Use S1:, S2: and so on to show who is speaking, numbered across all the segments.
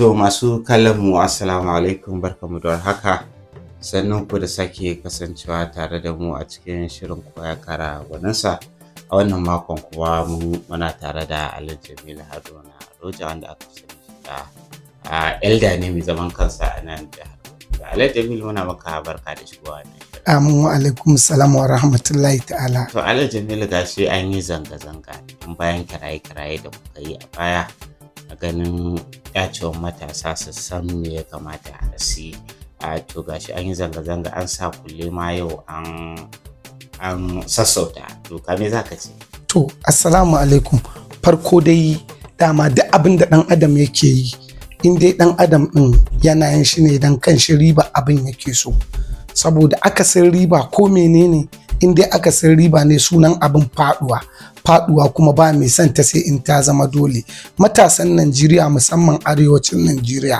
S1: To masu kallon mu assalamu alaikum barkamu da haka sannan ku da sake kasancewa tare da mu a cikin shirin koya kara gwaninsa a wannan makon kuwa mu muna tare da Alhaji Jamilu Haruna Roja wanda aka sani da Elda ne mai zaman kansa a nan jihar Alhaji Jamilu muna maka barka da shigowa ne. Amin wa alaikum salam wa rahmatullahi ta'ala. To Alhaji Jamilu gashi an yi zanga-zanga bayan kiraye-kiraye da kuka yi a baya a ganin yacewan matasa su san me ya kamata a si a to gashi an yi zanga-zanga an sa kulle ma yau an an sassauta to ka me zaka ce to assalamu alaikum farko dai dama duk abin da dan adam yake yi in dai dan adam din yana yin shi ne dan kan shi riba abin yake so saboda aka san riba ko menene in dai aka san riba ne sunan abin faduwa faduwa kuma ba mai son ta sai in ta zama dole matasan najeriya musamman arewacin najeriya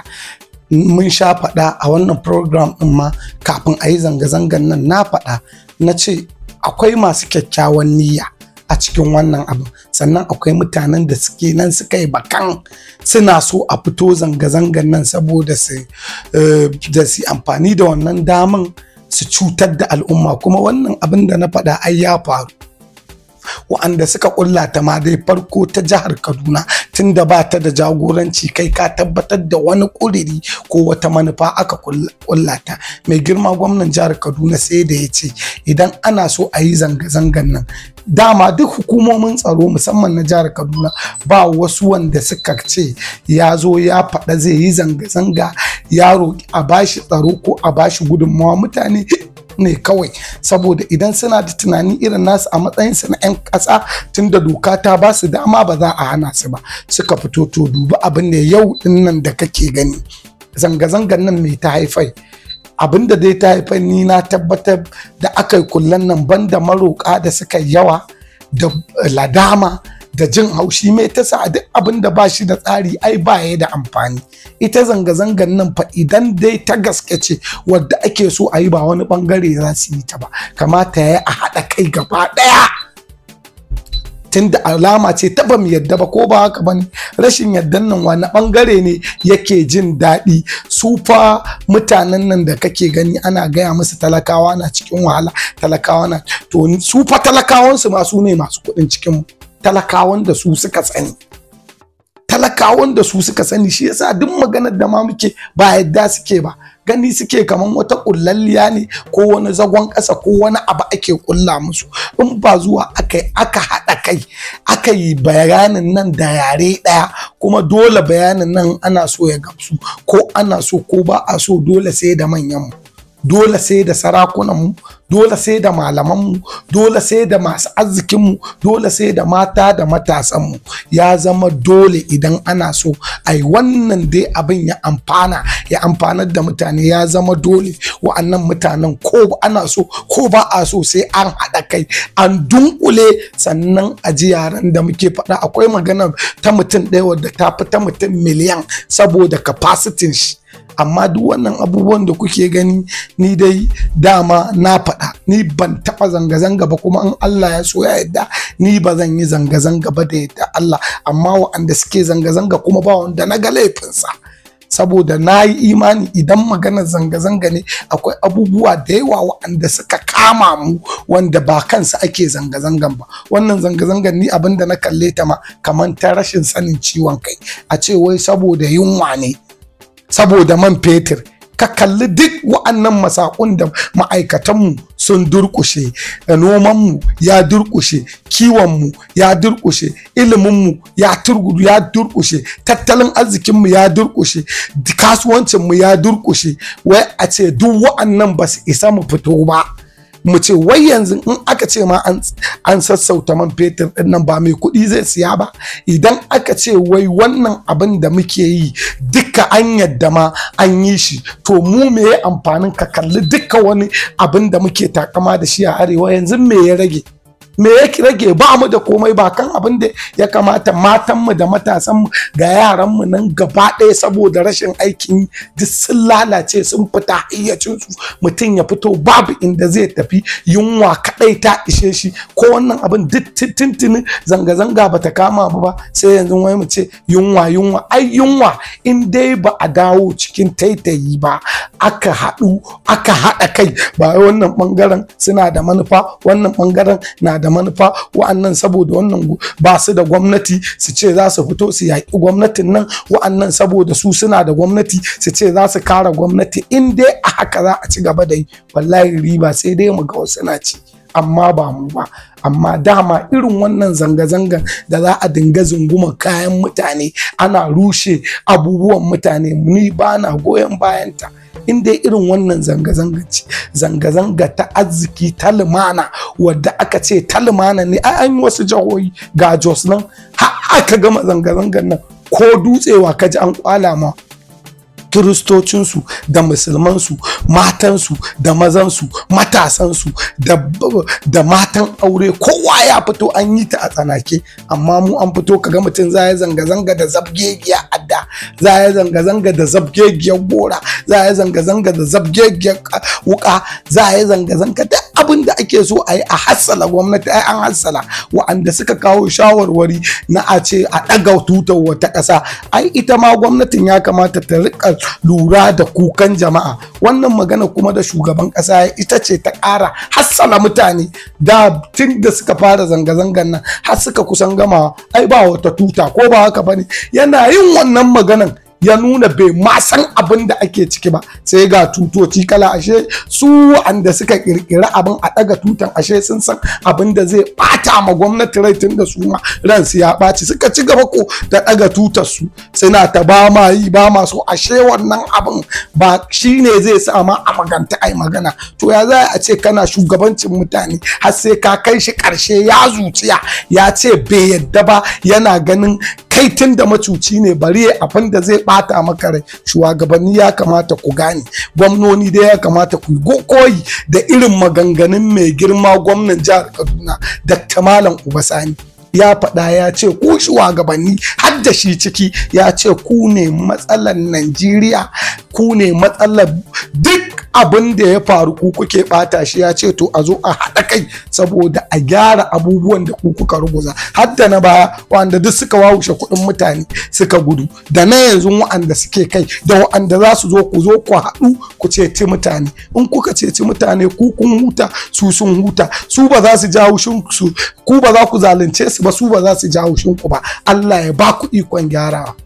S1: mun sha faɗa a wannan program ɗin ma kafin a yi zanga-zangan nan na faɗa na ce akwai masu kyakkyawan niyya a cikin wannan abin sannan akwai mutanen da suke nan suka yi bakan suna so a fito zanga-zangan nan saboda su eh, da su amfani da wannan daman su cutar da al'umma kuma wannan abin da na faɗa ai ya faru wa'anda suka kulla ta ma dai farko ta jihar kaduna tunda ba ta da jagoranci kai ka tabbatar da wani ƙuriri ko wata manufa aka kulla ta mai girma gwamnan jihar kaduna sai da ya ce idan ana so a yi zanga-zangan nan dama duk hukumomin tsaro musamman na jihar kaduna ba wasu wanda suka ce ya zo ya faɗa zai yi zanga-zanga ya roƙi a bashi tsaro ko a bashi gudunmawa mutane ne kawai saboda idan suna da tunani irin nasu a matsayin su na 'yan ƙasa tunda doka ta ba su dama ba za a hana su ba suka fito to dubi abin da yau din nan da kake gani zanga-zangan nan mai ta haifai abin da dai ta haifai ni na tabbatar da aka yi kullan nan banda maroƙa da suka yawa da eh, ladama da jin haushi mai ta sa duk abin da ba shi da tsari ai ba ya da amfani ita zanga-zangan nan fa idan dai ta gaske ce wadda ake so a yi ba wani bangare za su yi ta ba kamata ya a haɗa kai gaba ɗaya tunda alama ce ta bamu yadda ba ko ba haka ba rashin yaddan nan wani bangare ne yake jin daɗi su fa mutanen nan da kake gani ana gaya musu talakawa na cikin wahala talakawa na to su fa talakawansu ma su ne masu kuɗin cikin mu talakawan da su suka sani talakawan da su suka sani shi yasa duk maganar da ma muke ba yadda suke ba gani suke kaman wata kullalliya ne ko wani zagon ƙasa ko wani abu ake kulla musu in ba zuwa aka aka haɗa kai aka yi bayanin nan da yare ɗaya kuma dole bayanin nan ana so ya gamsu ko ana so ko ba a so dole sai da manyan mu dole sai da sarakunanmu dole sai da malamanmu dole sai da masu arzikinmu dole sai da mata da matasanmu ya zama dole idan ana so ai wannan dai abin ya amfana ya amfanar da mutane ya zama dole wa'annan mutanen ko ana so ko ba a so sai an haɗa kai an dunkule sannan a ji yaran da muke faɗa akwai magana ta mutum ɗaya wadda ta fi ta mutum miliyan saboda capacity shi amma duk wannan abubuwan da kuke gani ni dai dama na faɗa ni ban taɓa zanga-zanga ba kuma in Allah ya so ya yadda ni ba zan yi zanga-zanga ba da yadda Allah amma wanda suke zanga-zanga kuma ba wanda na ga laifinsa saboda na yi imani idan maganar zanga-zanga ne akwai abubuwa da yawa wa'anda suka kama mu wanda ba kansa ake zanga-zangan ba wannan zanga-zangan ni abinda na kalle ta ma kamar ta rashin sanin ciwon kai a ce wai saboda yunwa ne saboda man fetur ka kalli duk wa'annan masakun da ma'aikatanmu sun durkushe nomanmu ya durkushe kiwonmu ya durkushe iliminmu ya durkushe tattalin arzikinmu ya durkushe kasuwancinmu ya durkushe wai a ce duk wa'annan ba su isa mu fito ba mu ce wai yanzu in aka ce ma an sassauta man fetur din nan ba mai kuɗi zai siya ba idan aka ce wai wannan abin da muke yi duka an yadda ma an yi shi to mu me amfanin ka kalli duka wani abin da muke takama da shi a arewa yanzu me ya rage me yake rage ba mu da komai ba kan abin da ya kamata matan mu da matasan da yaran mu nan gaba ɗaya saboda rashin aikin duk sun lalace sun fita hayyacinsu mutum ya fito babu inda zai tafi yunwa kaɗai ta ishe shi ko wannan abin duk tintini zanga-zanga bata kama ba sai yanzu wai mu ce yunwa yunwa ai yunwa in dai ba a dawo cikin taitayi ba aka haɗu aka haɗa kai ba wannan ɓangaren suna da manufa wannan ɓangaren na da manufa wa'annan saboda wannan ba su da gwamnati su ce za su fito su yaƙi gwamnatin nan wa'annan saboda su suna da gwamnati su ce za su kara gwamnati in dai a haka za a ci gaba da yi wallahi riba sai dai mu ga wasu na ci amma ba mu ba amma dama irin wannan zanga-zangar da za a dinga zunguma kayan mutane ana rushe abubuwan mutane ni ba na goyon bayanta in dai irin wannan zanga-zanga ce zanga-zanga ta arziki ta lumana wadda aka ce ta lumana ne ai an wasu jihohi ga jos nan har aka gama zanga-zangar nan ko dutsewa ka ji an kwala ma kiristocinsu da musulmansu matansu da mazansu matasansu da, da matan aure kowa ya fito an yi ta a tsanake amma mu an fito kaga mutum za ya zanga-zanga da zabgegiya adda za ya zanga-zanga da zabgegiyar gora za ya zanga-zanga da zabgegiyar wuka za ya zanga-zanga da abin da ake so a yi a hassala gwamnati ai an hassala wa'anda suka kawo shawarwari na a ce a ɗaga tutar wata ƙasa ai ita ma gwamnatin ya kamata ta riƙa lura da kukan jama'a wannan magana kuma da shugaban ƙasa ita ce ta ƙara hassala mutane da tun da suka fara zanga-zangan nan har suka kusan gama ai ba wata tuta ko ba haka bane yana yin wannan maganan ya nuna bai ma san abin da ake ciki ba sai ga tutoci kala ashe su wanda suka kirkira abin a daga tutan ashe sun san abin da zai bata ma gwamnati rai tun da su ma ransu ya ɓaci suka ci gaba ko da daga tutar su suna ta ba ma yi ba ma so ashe wannan abin ba shine zai sa ma a maganta ai magana to ya za a ce kana shugabancin mutane har sai ka kai shi karshe ya zuciya ya ce bai yadda ba yana ganin kai tun da macuci ne bari ya abin da zai bata maka rai shugabanni ya kamata ku gane gwamnoni da ya kamata ku koyi da irin maganganun mai girma gwamnan jihar kaduna dr malam ubasani ya faɗa ya ce ku shugabanni har da shi ciki ya ce ku ne matsalar najeriya ku ne matsalar duk abin da ya faru ku kuke bata shi ya ce to a zo a haɗa kai saboda a gyara abubuwan da ku kuka ruguza hadda na baya wanda duk suka wawushe kuɗin mutane suka gudu da na yanzu wa'anda suke kai da wa'anda za su zo ku zo ku haɗu ku ceci mutane in kuka ceci mutane ku kun huta su sun huta su ba za su jawo ku ba za ku zalunce su ba su ba za su jawo ku ba Allah ya ba ku ikon gyarawa